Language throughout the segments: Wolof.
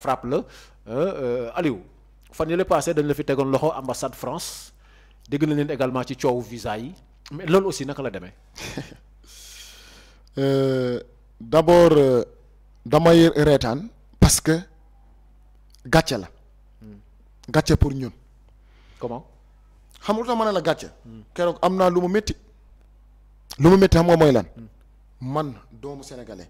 frappe la euh, euh, Aliou fan yële passé dañ la fi tegoon loxo ambassade France dégg na leen également ci coowu visa yi mais loolu aussi naka la demee. Euh, d'abord damay reetaan parce que gàcce la. Hmm. gàcce pour ñun. comment. xam nga lu tax la gàcce. Hmm. keroog am naa lu mu métti. lu mu métti xam nga mooy lan. Hmm. man doomu sénégalais.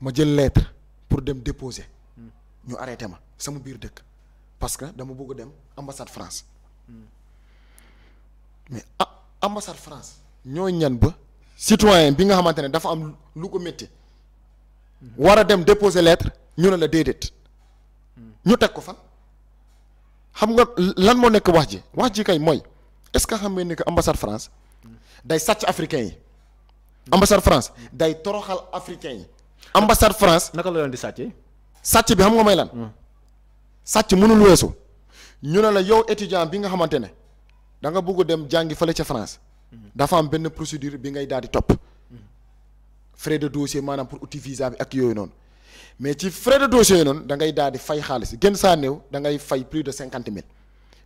ma jël lettre pour dem déposer ñu arrêté ma sama biir dëkk parce que dama bëgg dem ambassade France mais ah ambassade France ñoo ñan ba citoyen bi nga xamante ne dafa am lu ko métti war a dem déposer lettre ñu ne la déedéet ñu teg ko fa xam nga lan moo nekk wax ji wax ji kay mooy est-ce que xam ne ni que ambassade France day sàcc africain yi ambassade France day toroxal africain yi ambassade France. naka la doon di sàcc. sàcc bi xam nga mooy lan. Hmm. sàcc mënul weesu. ñu ne la yow étudiant bi nga xamante ne da nga bëgg dem jàngi fale ca France. Hmm. dafa am benn procédure bi ngay daal di topp. Hmm. frais de dossier maanaam pour outil visa bi ak yooyu noonu. mais ci frais de dossier yi noonu da ngay daal di fay xaalis gën saa néew da ngay fay plus de cinquante mille.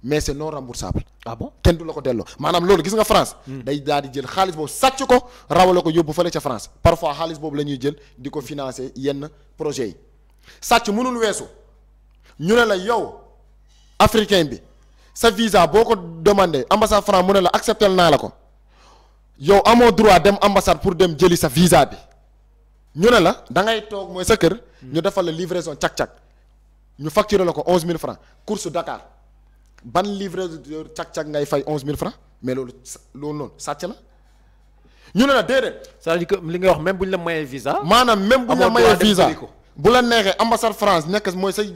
mais c'est non remboursable. ah bon kenn du la ko delloo maanaam loolu gis nga France. Hmm. day daal di jël xaalis boobu sàcc ko rawale ko yóbbu fële ca France parfois xaalis boobu la ñuy jël di ko financer yenn projet yi sàcc mënul weesu ñu ne la yow africain bi sa visa boo ko demandé ambassade France mu ne la accepté naa la ko yow amoo droit dem ambassade pour dem jëli sa visa bi ñu ne la da ngay toog mooy sa kër. Hmm. ñu defal la livraison càq-càq ñu facturer ko onze mille francs course ban livre cag-cag ngay fay onze mille francs mais loolu loolu noonu sàcc la ñu ne la déedéet. cest à li nga wax même bu ñu la mayee visa. maanaam même bu ñu la mayee visa bu la neexee ambassade France nekk mooy say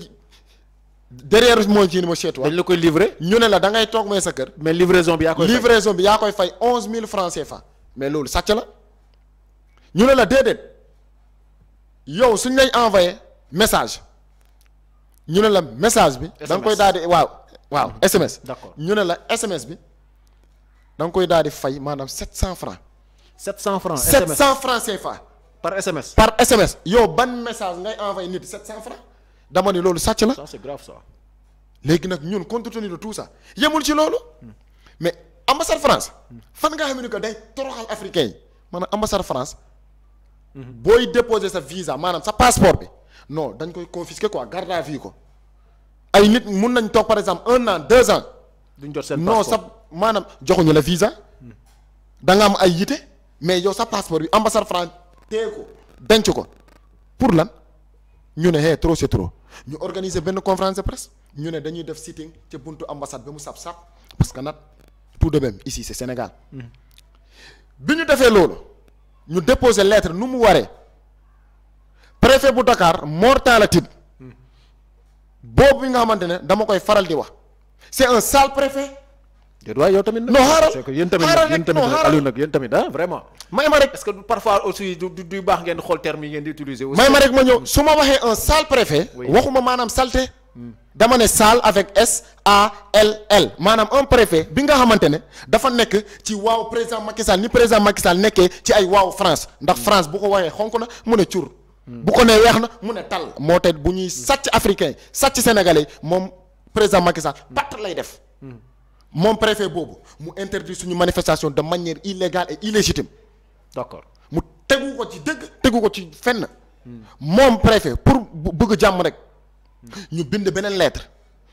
derrière mooy ci ni ma seetu. la koy livrer ñu ne la da toog mooy sa kër. mais livraison bi yaa koy fay livraison bi koy fay onze mille francs CFA mais loolu sàcc la ñu ne la déedéet suñ lay envoyé message ñu ne la message bi. da koy daal waaw. waaw SMS. d'accord ñu ne la SMS bi da koy daal di fay maanaam 700 francs 700 francs SMS 700 francs CFA. par SMS par SMS. yow ban message ngay envoyé nit 700 francs dama ni loolu sàcc la ça c'est léegi nag ñun compte tenu tout sax yemul ci loolu mais ambassade France fan nga xam ne que day toroxal africain yi maanaam ambassade France mhm. booy déposer sa visa maanaam sa passeport bi non dañ koy confisquer quoi garde à vue ko. ay nit mun nañ toog par exemple un an deux ans. duñ jot seen passeport sa maanaam joxuñu la visa. da nga am ay yite mais yow sa passeport bi ambassade France téye ko denc ko pour lan ñu ne hey trop c'est trop ñu organiser benn conférence de presse ñu ne dañuy def sitting ca buntu ambassade ba mu sab sab parce que nag tout de même ici c'est Sénégal. bi ñu defee loolu ñu déposé lettre nu mu waree préfet bu Dakar Mor Talla boobu bi nga xamante ne dama koy faral di wax c'est un sale préfet. déet yow tamit. non xaaral c'est que yéen tamit yéen tamit Aliou nag yéen tamit ah vraiment. may ma rek est-ce que parfois aussi du du baax ngeen xool terme yi ngeen di utiliser. may ma rek ma ñëw su ma waxee un sale préfet. waxuma maanaam saleté. Hmm. dama ne sale avec S A L L maanaam un préfet bi nga xamante ne dafa nekk ci waaw président Macky Sall ni président Macky nekkee ci ay waaw France ndax hmm. France bu ko waxee xonk na mu ne cur. bu ko nee weex na mu ne tal moo tax bu ñuy sàcc africain sàcc sénégalais moom président Macky Sall patt lay def moom préfet boobu mu interdit suñu manifestation de manière illégale et illégitime mu tegu ko ci dëgg tegu ko ci fenn moom préfet pour bëgg jàmm rek ñu bind beneen leetre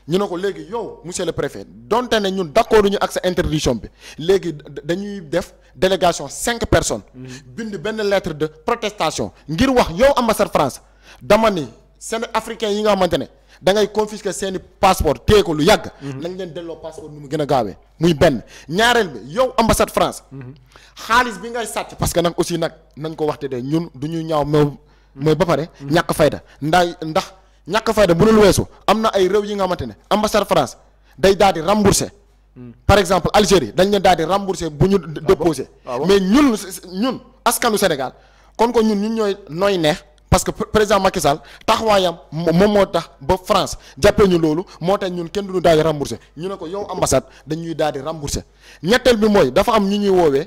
ñu ne ko léegi yow monsieur le préfet donte ne ñun d'accord ñu ak sa interdiction bi léegi dañuy def délégation cinq personnes. Mhm. bind benn lettre de protestation ngir wax yow ambassade France dama ni seen africain yi nga xamante ne da ngay confisquer seen i passeport téye ko lu yàgg. Mhm. nañ leen delloo passeport nu mu gën a gaawee. muy benn ñaareel bi yow ambassade France. Mhm. xaalis bi ngay sàcc parce que nag aussi nag nañ ko waxte dee ñun du ñu ñaaw mooy ba pare. ñàkk fayda ndax. ñàkk fayda bu dul weesu am na ay réew yi nga xamante ne ambassade France day daal di rembourser hmm. par exemple Algérie dañ leen daal di rembourser bu ñu ah déposé ah mais ñun ñun askanu Sénégal kon ko ñun ñu ñooy nooy neex parce que président Macky Sall taxawaayam moom moo tax ba France jàppee ñu loolu moo tax ñun kenn duñu daal di rembourser ñu ne ko yow ambassade dañuy daal di rembourser ñetteel bi mooy dafa am ñu ñuy woowee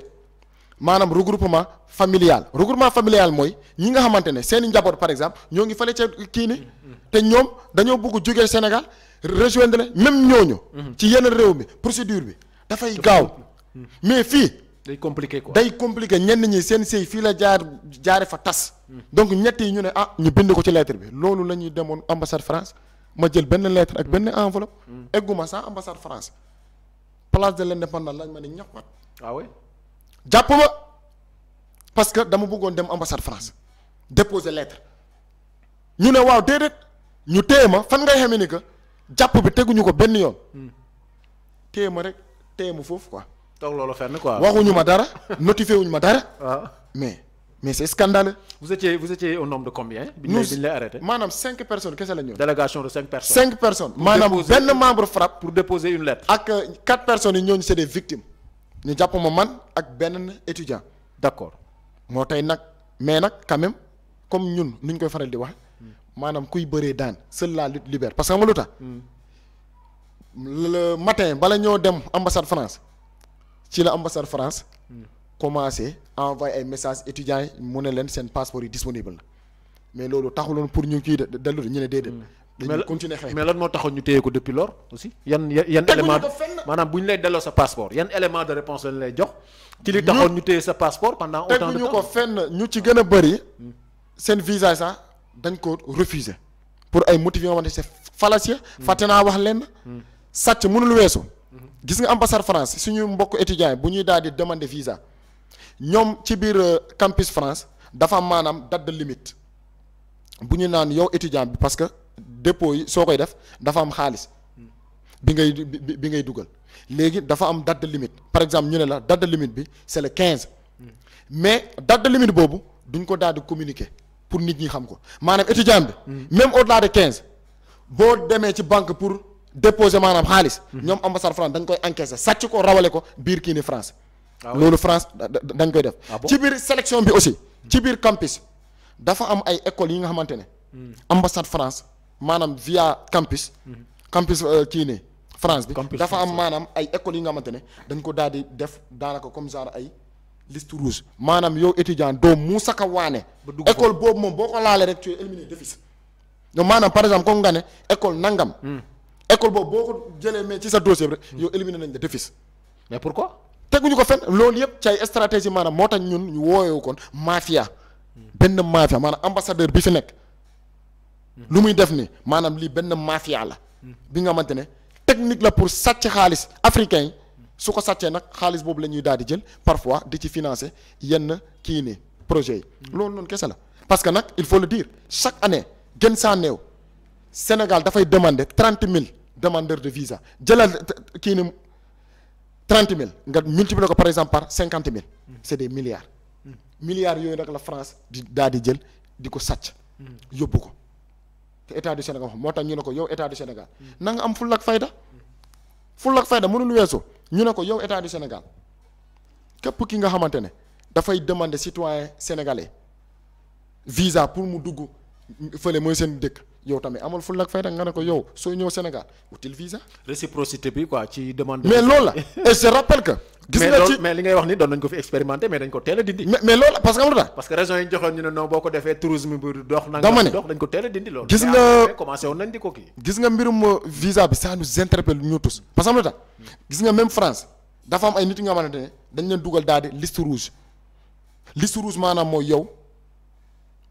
maanaam regroupement familial regroupement familial mooy ñi nga xamante ne seen njaboot par exemple ñoo ngi fële ca kii ni te ñoom dañoo bëgg jógee Sénégal rejoindre leen même ñooñu. ci yenn réew mi procédure bi dafay gaaw hmm. mais fii. day compliqué quoi day compliqué ñenn ñi seen sëy fii la jaar jaare fa tas. donc ñett yi ñu ne ah ñu bind ko ci lettre bi loolu la ñuy demoon ambassade France ma jël benn lettre ak benn enveloppe. Hmm. egguma sans ambassade France place de l'indépendance lañ ma ne ñaxwaat. waaw ah jàpp ma parce que dama bëggoon dem ambassade France déposer lettre ñu ne waaw déedéet ñu téye ma fan ngay xamee ni que jàpp bi teguñu ko benn yoon hmm. téye ma rek téye ma foofu quoi. waxuñu ma dara notifié wuñu ma dara. Ah. mais mais c'est scandaleux. de combien. bi ñu lay arrêté maanaam cinq personnes kese la ñu. délégation de cinq personnes. cinq personnes maanaam benn membre FRAPP. pour déposer une lettre. ak quatre personnes yi ñooñu c'est des victimes. ñu jàpp ma man ak benn étudiant d'accord moo tey nag mais nag quand même comme ñun nu ñu koy faral di wax maanaam kuy bëree daan seule la lutte parce que ama lu tax le matin bala ñoo dem ambassade France ci la ambassade France commencé envoyé ay message étudiants yi mu ne leen seen passeport yi disponible na mais loolu taxuloon pour ñu kii dellu ñu ne déedéet hmm. dañu continuer xeex mais lan moo tax ñu téye ko depuis lors aussi yan yan élément maanaam bu ñu lay delloo sa passeport yan élément de réponse lañ lay jox. ci li taxoon ñu téye sa passeport pendant autant de temps ñu ko fenn ñu ci gën a bëri hmm. seen visa sax dañ ko refuser pour ay motifs yoo xamante ne c'est fallacieux. Hmm. fàtte naa wax lenn. Hmm. sàcc mënul weesu. gis nga ambassade France suñu mbokk étudiants bu ñuy daal di demander visa ñoom ci biir euh, campus France dafa am maanaam date de buñu naan yow étudiant bi parce que dépôt yi soo koy def dafa am xaalis. bi ngay bi ngay dugal léegi dafa am date de par exemple ñu ne la date de limite bi c'est le 15 hmm. mais date de boobu duñ ko daal di communiquer pour nit ñi xam ko maanaam étudiant bi. Hmm. même au-delà de 15 boo demee ci banque pour déposer maanaam xaalis. Hmm. ñoom ambassade France dañ koy encaisser sàcc ko rawale ko biir kii ni France. Ah loolu France dañ koy def. Ah ci biir sélection bi aussi. ci biir campus dafa am ay école yi nga xamante ne. ambassade France maanaam via campus. campus euh, kii nii France bi dafa am maanaam ay école yi nga xamante ne dañ ko daal di def daanaka comme genre ay liste rouge maanaam yow étudiant doo muusaka waane école boobu moom boo ko laalee rek tu es éliminé d'office ñoom maanaam par exemple comme nga école nangam hmm. école boobu boo ko jëlee mais ci sa dossier bi rek yow éliminé nañ la d'office mais pourquoi teguñu ko fen loolu yëpp ci ay stratégie maanaam moo tax ñun ñu wooyewu kon mafia benn mafia maanaam ambassadeur bi fi nekk hmm. lu muy def ni maanaam lii benn mafia la bi nga xamante ne technique la pour sàcc xaalis africain yi su ko sàccee nag xaalis boobu la ñuy daal di jël parfois di ci financé yenn kii nii projets yi. loolu noonu kese la parce que nag il faut le dire chaque année gën saa néew Sénégal dafay demander trente mille demandeurs de visa jëlal kii nii trente mille nga multiplier ko par exemple par cinquante mille. c'est des milliards. Mm. milliards yooyu nag la France di daal di jël di ko sàcc. Mm. yóbbu ko. te état du Sénégal moo tax ñu ne ko yow état du Sénégal na am fulla ak fayda fulla ak fayda mënul weesu ñu ne ko yow état du Sénégal képp ki nga xamante ne dafay demander citoyen sénégalais visa pour mu dugg fële mooy seen dëkk yow tamit amal fulla ak fayda nga ne ko yow soo ñëw Sénégal util visa réciprocité bi quoi ci demande mais loolu la et je rappelle que gis nga ci mais li ngay wax ni doon nañ ko fi expérimenté mais dañ ko teel a dindi. mais mais loolu parce que am na parce que a gis nga commencé am na gis nga France dafa am ay nit ñoo xamante ne dañ leen dugal daal di liste rouge liste rouge maanaam moo yow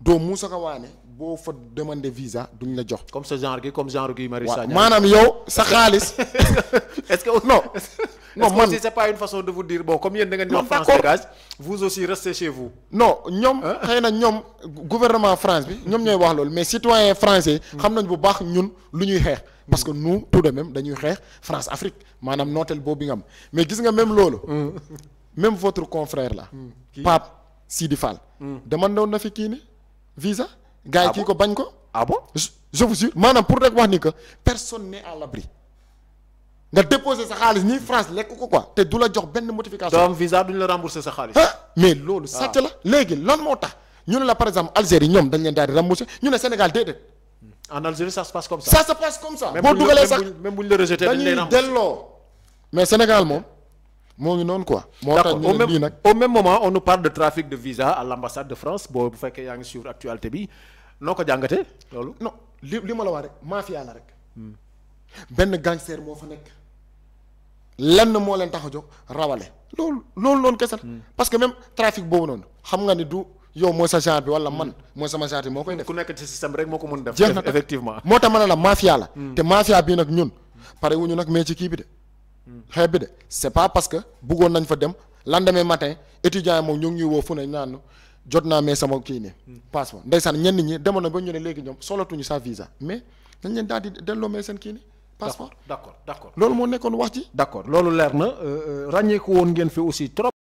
doo muusa ko waane boo fa demander visa duñ la jox. comme ce genre gi maanaam yow sa xaalis. est-ce que non. non man est-ce que c'est comme yéen da ngeen ñëw France dégage vous aussi restez chez ñoom. xëy na ñoom gouvernement France bi ñoom ñooy wax loolu mais citoyen français. Hmm. xam nañ bu baax ñun lu ñuy xeex. Hmm. parce que nous tout de même dañuy xeex France Afrique maanaam nooteel boobu nga am mais gis nga même loolu. Hmm. même votre confrère là. Pape Sidi Fall. demandoon na fi kii ni visa. gars yi ah kii ko bañ ko. ah je vous jure maanaam pour rek wax ni que personne n'est à l'abri nga déposer sa xaalis nii France lekk ko quoi te du la jox benn notification. doo am visa duñ la rembourser sa xaalis. mais loolu ah. sàcc la léegi lan moo tax ñu ne la par exemple Algérie ñoom dañ leen daal ne Sénégal déedéet. en Algérie ça se passe comme ça. ça se boo dugalee sax même buñ delloo mais Sénégal moom. moo ngi noonu quoi. moo tax ñu ne nii nag au même moment on nous parle de trafic de visa à l'ambassade de France boo fekkee yaa bi. noo ko jàngatee loolu. no li li ma la wax rek mafia la rek. benn gangster moo fa nekk. lenn moo leen tax a jóg rawale. loolu loolu loolu kese la. Hmm. parce que même trafic boobu noonu xam nga ni du. yow mooy sa genre bi wala man hmm. mooy sama genre bi moo koy def. ku nekk rek moo ko mën def. jeex na effectivement moo tax ma ne la mafia la. Hmm. te mafia bi nag ñun. pare wuñu nag mais ci kii bi de. xeeb bi de c' pas parce que buggoon nañ fa dem lendemain matin étudiants yi moom ñoo ngi ñuy woo fu ne jot naa mais sama kii ne hmm. passeport ndeysaan ñenn ñi demoon na ba ñu ne léegi ñoom solatuñu sa visa mais dañ leen daal di delloo mais seen kii passeport d' accord loolu moo nekkoon wax ci d' loolu leer na euh, euh, ràññeeku woon ngeen fi aussi trop